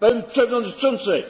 Pan Przewodniczący!